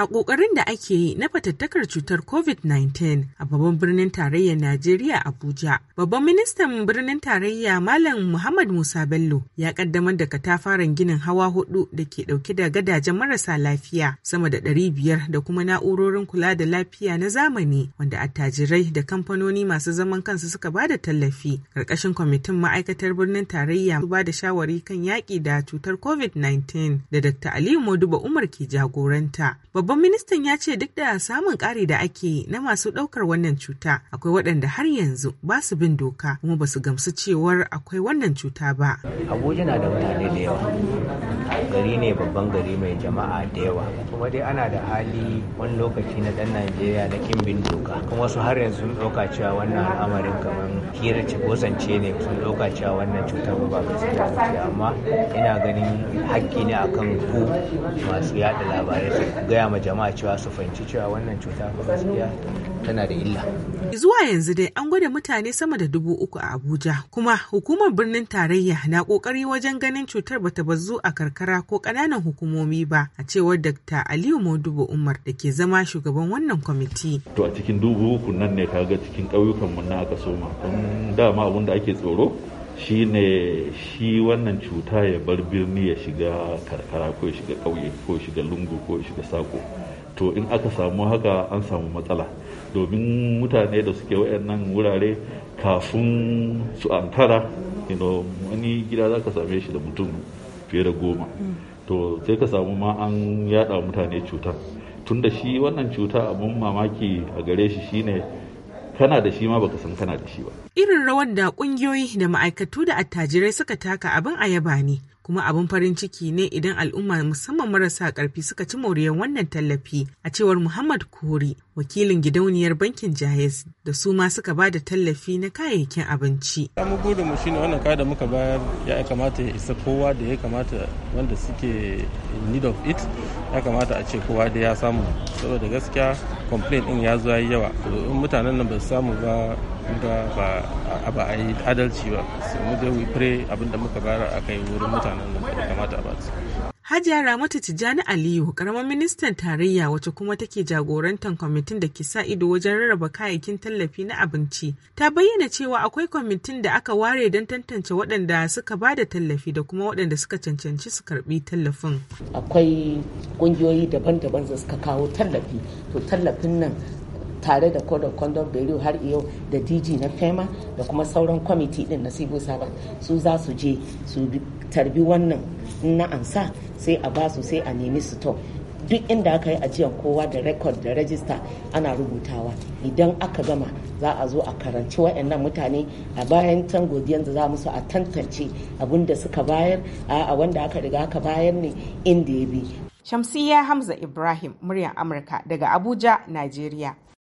a ƙoƙarin da ake yi na fatattakar cutar covid-19 a babban birnin tarayyar najeriya abuja babban ministan birnin tarayya malam muhammad musa bello ya kaddamar da katafaren ginin hawa hudu da ke dauke da gadajen marasa lafiya sama da ɗari biyar da kuma na'urorin kula da lafiya na zamani wanda attajirai da kamfanoni masu zaman kansu suka ba da tallafi ƙarƙashin kwamitin ma'aikatar birnin tarayya ba da shawari kan yaƙi da cutar covid-19 da dr aliyu ba umar ke jagoranta Babban ministan ya ce duk da samun ƙari da ake na masu ɗaukar wannan cuta akwai waɗanda har yanzu ba su bin doka kuma ba su gamsu cewar akwai wannan cuta ba. Abuja na da mutane da yawa. Gari ne babban gari mai jama'a da yawa. Kuma dai ana da hali wani lokaci na ɗan Najeriya na kin bin doka. Kuma su har yanzu sun ɗauka cewa wannan al'amarin kamar hira ce zance ne sun ɗauka cewa wannan cutar ba gaskiya amma ina ganin hakki ne akan ku masu yaɗa labarai su gaya ma jama'a cewa su fahimci cewa wannan cuta gaskiya tana da illa. Zuwa yanzu dai an gwada mutane sama da dubu uku a Abuja kuma hukumar birnin tarayya na kokari wajen ganin cutar bata bazu a karkara ko kananan hukumomi ba a cewar Dr. Aliyu Modubo Umar da ke zama shugaban wannan kwamiti. To a cikin dubu uku nan ne kaga cikin ƙauyukan mu na aka soma don dama abin da ake tsoro shi ne shi wannan cuta ya bar birni ya shiga karkara ko ya shiga ƙauye ko ya shiga lungu ko ya shiga sako to in aka samu haka an samu matsala domin mutane da suke wayannan wurare kafin su ankara wani gida za ka same shi da mutum fiye da goma to sai ka samu ma an yada mutane cutar tunda shi wannan cuta abun mamaki a gare shi shine kana da shi ma baka san kana da shi ba. Irin rawar da ƙungiyoyi da ma'aikatu da attajirai suka taka abin a yaba ne kuma abin farin ciki ne idan al'umma musamman marasa karfi suka ci moriyar wannan tallafi a cewar Muhammad Kori wakilin gidauniyar bankin jahis da su ma suka ba da tallafi na kayayyakin abinci. mu burin mu shine wannan kaya da muka bayar ya kamata ya isa kowa da ya kamata wanda suke in need of it ya kamata a ce kowa da ya samu saboda gaskiya complain din ya zo yi yawa in mutanen nan ba su samu ba ga ba a yi adalci ba sai mu dai we pray abinda muka bayar a kai wurin mutanen nan da kamata a ba su. Hajiya Ramatu Tijjani Aliyu, karamar ministan tarayya wace kuma take jagorantar kwamitin da ke sa ido wajen rarraba kayayyakin tallafi na abinci, ta bayyana cewa akwai kwamitin da aka ware don tantance waɗanda suka ba da tallafi da kuma waɗanda suka cancanci su karbi tallafin. Akwai ƙungiyoyi daban-daban da suka kawo tallafi, to tallafin nan tare da code of conduct har yau da dg na fema da kuma sauran kwamiti din na civil servant su za su je su tarbi wannan na ansa sai a ba su sai a nemi su to duk inda aka yi ajiyar kowa da rekod da rajista ana rubutawa idan aka gama za a zo a karanci waɗannan mutane a bayan can godiyar da za musu a tantance abin da suka bayar a wanda aka riga aka bayar ne inda ya bi Shamsiyya Hamza Ibrahim, muryar Amurka daga Abuja, nigeria.